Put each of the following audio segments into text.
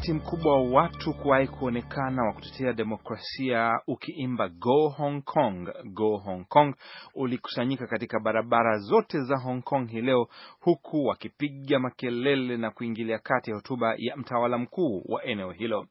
umati mkubwa wa watu kuwahi kuonekana wa kutetea demokrasia ukiimba Go Hong Kong, Go Hong Kong ulikusanyika katika barabara zote za Hong Kong hii leo, huku wakipiga makelele na kuingilia kati ya hotuba ya mtawala mkuu wa eneo hilo.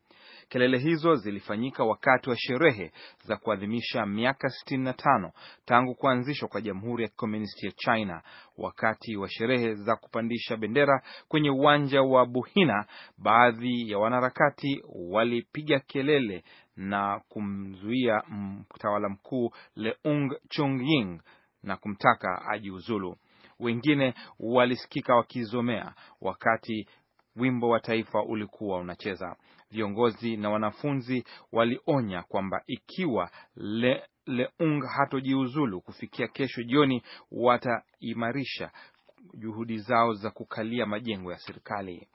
Kelele hizo zilifanyika wakati wa sherehe za kuadhimisha miaka 65 tangu kuanzishwa kwa Jamhuri ya Kikomunisti ya China, wakati wa sherehe za kupandisha bendera kwenye uwanja wa Buhina. Baadhi ya wanaharakati walipiga kelele na kumzuia mtawala mkuu Leung Chun-ying na kumtaka ajiuzulu. Wengine walisikika wakizomea wakati wimbo wa taifa ulikuwa unacheza. Viongozi na wanafunzi walionya kwamba ikiwa le, Leung hatojiuzulu kufikia kesho jioni, wataimarisha juhudi zao za kukalia majengo ya serikali.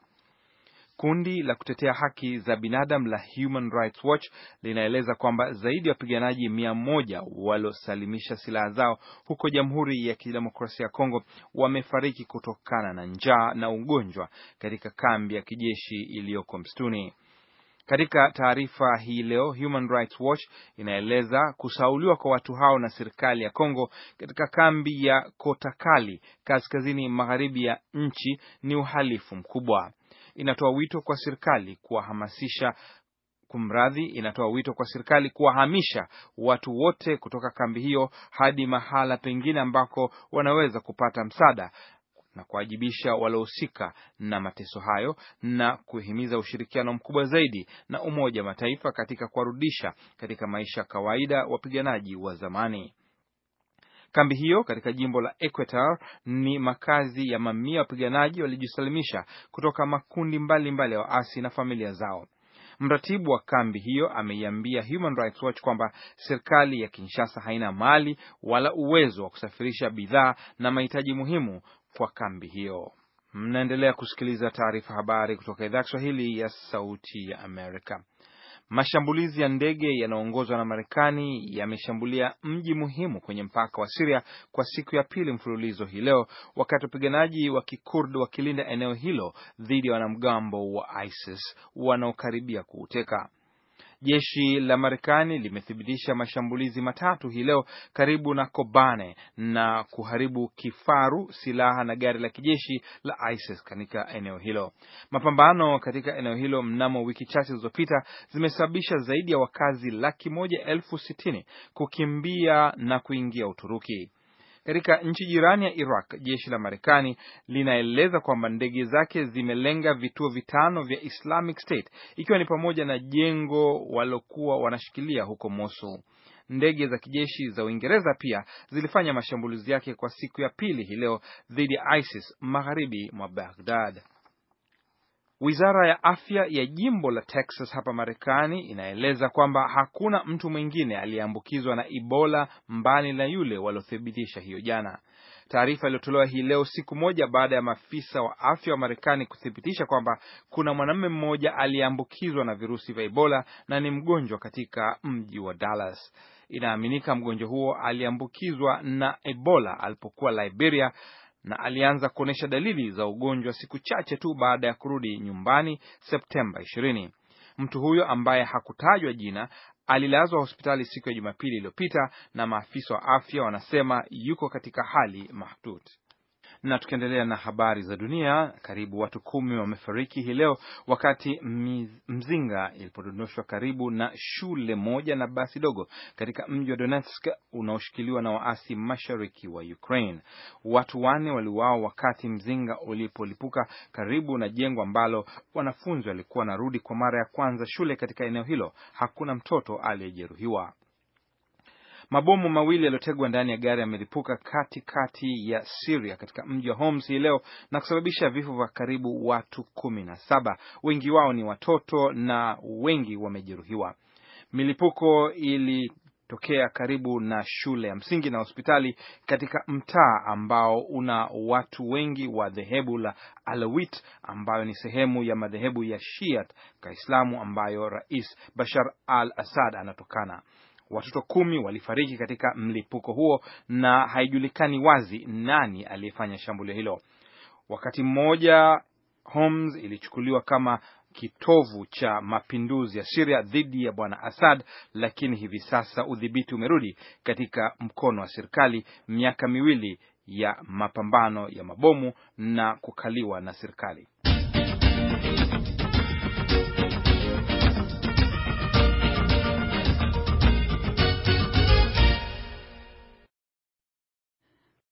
Kundi la kutetea haki za binadamu la Human Rights Watch linaeleza kwamba zaidi ya wapiganaji mia moja waliosalimisha silaha zao huko Jamhuri ya Kidemokrasia ya Kongo wamefariki kutokana na njaa na ugonjwa katika kambi ya kijeshi iliyoko msituni. Katika taarifa hii leo, Human Rights Watch inaeleza kusauliwa kwa watu hao na serikali ya Kongo katika kambi ya Kotakali kaskazini magharibi ya nchi ni uhalifu mkubwa inatoa wito kwa serikali kuwahamasisha Kumradhi, inatoa wito kwa serikali kuwahamisha watu wote kutoka kambi hiyo hadi mahala pengine ambako wanaweza kupata msaada na kuwajibisha waliohusika na mateso hayo na kuhimiza ushirikiano mkubwa zaidi na Umoja wa Mataifa katika kuwarudisha katika maisha ya kawaida wapiganaji wa zamani. Kambi hiyo katika jimbo la Equator ni makazi ya mamia wapiganaji walijisalimisha kutoka makundi mbalimbali ya mbali waasi na familia zao. Mratibu wa kambi hiyo ameiambia Human Rights Watch kwamba serikali ya Kinshasa haina mali wala uwezo wa kusafirisha bidhaa na mahitaji muhimu kwa kambi hiyo. Mnaendelea kusikiliza taarifa habari kutoka idhaa ya Kiswahili ya Sauti ya Amerika. Mashambulizi ya ndege yanayoongozwa na Marekani yameshambulia mji muhimu kwenye mpaka wa Siria kwa siku ya pili mfululizo hii leo, wakati wapiganaji wa Kikurd wakilinda eneo hilo dhidi ya wanamgambo wa ISIS wanaokaribia kuuteka. Jeshi la Marekani limethibitisha mashambulizi matatu hii leo karibu na Kobane na kuharibu kifaru, silaha na gari la kijeshi la ISIS katika eneo hilo. Mapambano katika eneo hilo mnamo wiki chache zilizopita zimesababisha zaidi ya wakazi laki moja elfu sitini kukimbia na kuingia Uturuki. Katika nchi jirani ya Iraq, jeshi la Marekani linaeleza kwamba ndege zake zimelenga vituo vitano vya Islamic State ikiwa ni pamoja na jengo walokuwa wanashikilia huko Mosul. Ndege za kijeshi za Uingereza pia zilifanya mashambulizi yake kwa siku ya pili hii leo dhidi ya ISIS magharibi mwa Baghdad. Wizara ya afya ya jimbo la Texas hapa Marekani inaeleza kwamba hakuna mtu mwingine aliyeambukizwa na Ebola mbali na yule waliothibitisha hiyo jana. Taarifa iliyotolewa hii leo siku moja baada ya maafisa wa afya wa Marekani kuthibitisha kwamba kuna mwanamume mmoja aliyeambukizwa na virusi vya Ebola na ni mgonjwa katika mji wa Dallas. Inaaminika mgonjwa huo aliambukizwa na Ebola alipokuwa Liberia na alianza kuonyesha dalili za ugonjwa siku chache tu baada ya kurudi nyumbani Septemba 20. Mtu huyo ambaye hakutajwa jina alilazwa hospitali siku ya Jumapili iliyopita na maafisa wa afya wanasema yuko katika hali mahututi. Na tukiendelea na habari za dunia, karibu watu kumi wamefariki hii leo wakati mzinga ilipodondoshwa karibu na shule moja na basi dogo katika mji wa Donetsk unaoshikiliwa na waasi mashariki wa Ukraine. Watu wanne waliuawa wakati mzinga ulipolipuka karibu na jengo ambalo wanafunzi walikuwa wanarudi kwa mara ya kwanza shule katika eneo hilo. Hakuna mtoto aliyejeruhiwa. Mabomu mawili yaliyotegwa ndani ya gari yamelipuka katikati ya siria katika mji wa Homs hii leo na kusababisha vifo vya karibu watu kumi na saba, wengi wao ni watoto na wengi wamejeruhiwa. Milipuko ili tokea karibu na shule ya msingi na hospitali katika mtaa ambao una watu wengi wa dhehebu la Alawit ambayo ni sehemu ya madhehebu ya Shiat Kaislamu ambayo Rais Bashar al-Assad anatokana. Watoto kumi walifariki katika mlipuko huo na haijulikani wazi nani aliyefanya shambulio hilo. Wakati mmoja Homs ilichukuliwa kama kitovu cha mapinduzi ya Syria dhidi ya bwana Assad, lakini hivi sasa udhibiti umerudi katika mkono wa serikali miaka miwili ya mapambano ya mabomu na kukaliwa na serikali.